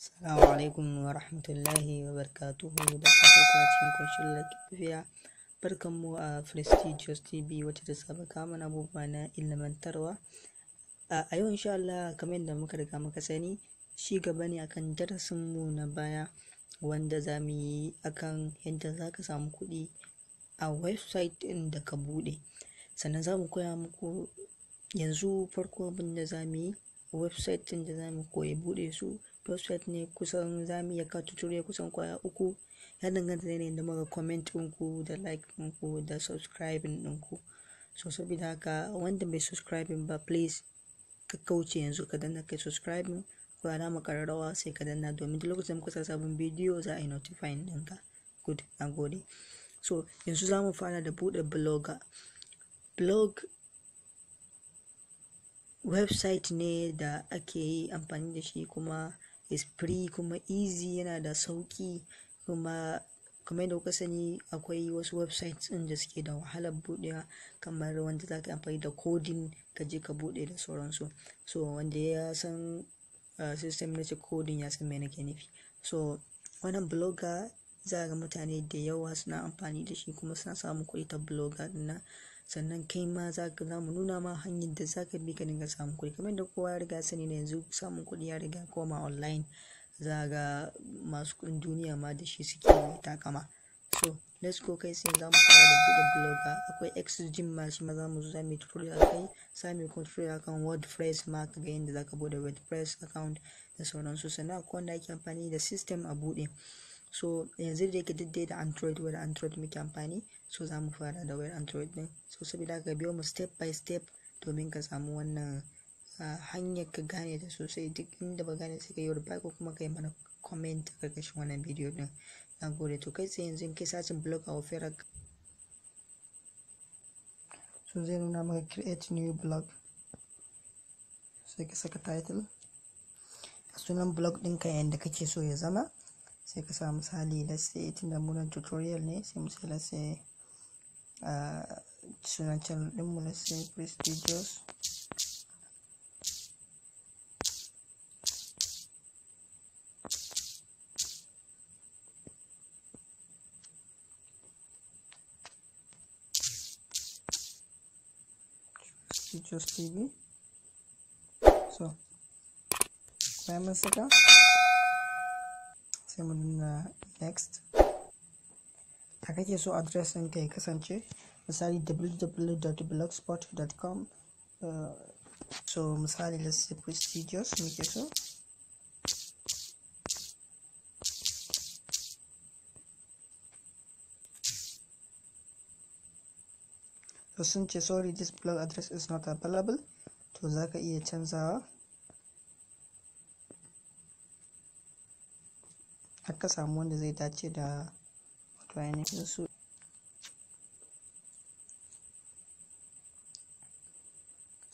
Assalamu alaikum wa rahmatullahi wa barkatuhu da farko a cikin kunshin lafiya barkan mu a prestigious tv wacce da saba kamun abubuwa na ilmantarwa a yau insha Allah kamar yadda muka riga muka sani shi gaba ne akan darasin mu na baya wanda za mu yi akan yadda za ka samu kuɗi a website ɗin da ka buɗe sannan za mu koya muku yanzu farko abin da za mu yi website ɗin da za mu koyi buɗe su prostrate ne kusan za mu iya katuture kusan kwaya uku ya danganta da yanayin da muka comment ɗinku da like ɗinku da subscribe ɗinku so saboda haka wanda bai subscribe ba please ka kauce yanzu ka danna kai subscribe ko alama kararrawa sai ka danna domin duk lokacin muka sa sabon bidiyo za a yi notifying ɗinka good na gode so yanzu za mu fara da buɗe blogger blog website ne da ake yi amfani da shi kuma is free kuma easy yana da sauƙi kuma kamar da kuka sani akwai wasu website ɗin da suke da wahalar buɗewa kamar wanda za ka amfani da coding ka je ka buɗe da sauransu so wanda ya san ah, system na coding ya san me nake nufi so wannan blogger za ga mutane da yawa suna amfani da shi kuma suna samun kuɗi ta blogger ɗin sannan kai ma za ka za mu nuna ma hanyar da za ka bi ka dinga samun kuɗi kamar da kowa ya riga sani na yanzu samun kuɗi ya riga koma online za ga masu kuɗin duniya ma da shi suke takama so let's go kai sai za mu fara da buɗe blogger akwai exgym ma shi ma za mu zo za mu yi tutorial kai za mu yi tutorial akan wordpress ma ka ga yadda zaka ka buɗe wordpress account da sauransu sannan akwai wanda ake amfani da system a buɗe so yanzu da yake duk da android wani android muke amfani so za mu fara da wani android din so saboda ka biyo mu step by step domin ka samu wannan hanyar ka gane ta sosai duk inda ba gane sai ka yi reply ko kuma ka yi mana comment a karkashin wannan bidiyo din na gode to kai sai yanzu kai sacin blog a ofera so zai nuna maka create new blog sai ka saka title a sunan blog ɗinka yadda kake so ya zama sai ka sa misali let's say tunda munan tutorial ne sai let's say ah, sunan channel din mu let's say prestigious prestigious tv so bayan mun saka sai mu nuna next a kake so address ɗin ka ya kasance misali www.blogspot.com uh, so misali let's say prestigious muke so to sun ce sorry this blog address is not available to zaka iya canzawa ka samu wanda zai dace da wato ainihin su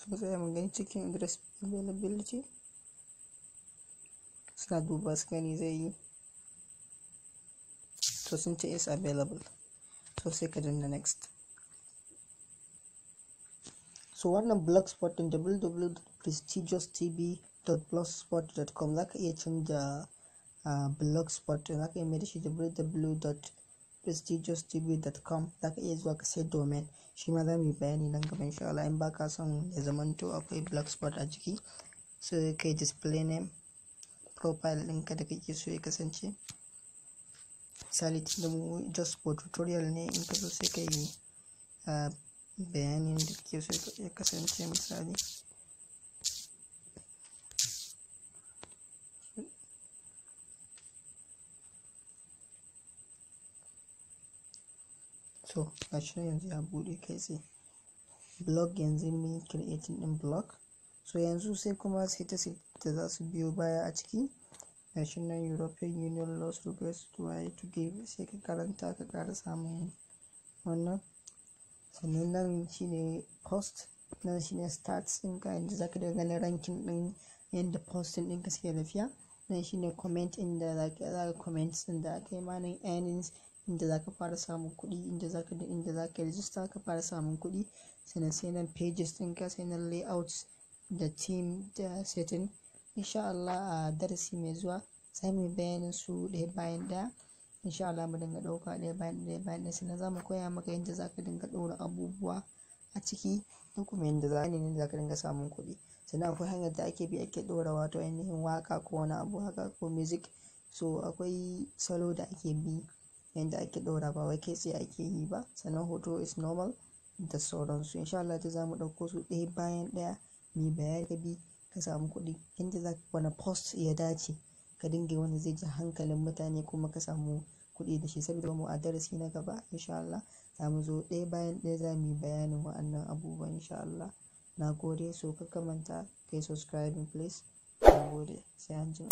mu tsaya mu gani cikin address availability suna duba su gani zai yi to sun ce is available so sai ka danna next so wannan blogspot din www.prestigious.tv.blogspot.com za ka iya canja blogspot za ka yi mai da shi www.prestigioustv.com za ka iya zuwa ka sai domain shi ma za mu yi bayani nan gaba insha Allah in ba ka son ya zamanto akwai blogspot a jiki sai kai display name profile ɗinka da kake so ya kasance misali tunda mu just for tutorial ne in ka so sai ka yi bayanin da kake so ya kasance misali so a nan yanzu ya buɗe kai tsaye blog yanzu mun creating din blog so yanzu sai kuma status ta za su biyo baya a ciki national nan european union laws request to i to give sai ka karanta ka ƙara samun wannan sannan nan shine post nan shine stats ɗinka yanzu za ka dinga ganin ranking ɗin yadda posting ɗinka suke tafiya shi shine comment inda za ka comment din da aka yi ma nan earnings inda zaka fara samun kuɗi inda zaka inda zaka register ka fara samun kuɗi sannan sai nan pages din ka sai nan layouts da team da setting insha Allah a darasi mai zuwa za mu yi bayanin su ɗaya bayan ɗaya insha Allah mu dinga ɗauka ɗaya bayan ɗaya bayan ɗaya sannan za mu koya maka yadda za ka dinga ɗora abubuwa a ciki da kuma yadda za ka dinga samun kuɗi Sannan akwai hanyar da ake bi ake ɗora wato ainihin waka ko wani abu haka ko music. So akwai salo da ake bi yanda ake ɗora ba wai kai ake yi ba. Sannan hoto is normal da sauransu. insha Allah dai za mu ɗauko su ɗaya bayan ɗaya muyi bayani ka bi ka samu kuɗi. Yanda za wani post ya dace ka dinga wani zai ji hankalin mutane kuma ka samu kuɗi da shi. Saboda mu a darasi na gaba insha Allah za mu zo ɗaya bayan ɗaya za yi bayanin wa'annan abubuwan insha Allah. నాకు Odia super cup అంతా కేసు subscribe please నాకు ఓడియా శాంజు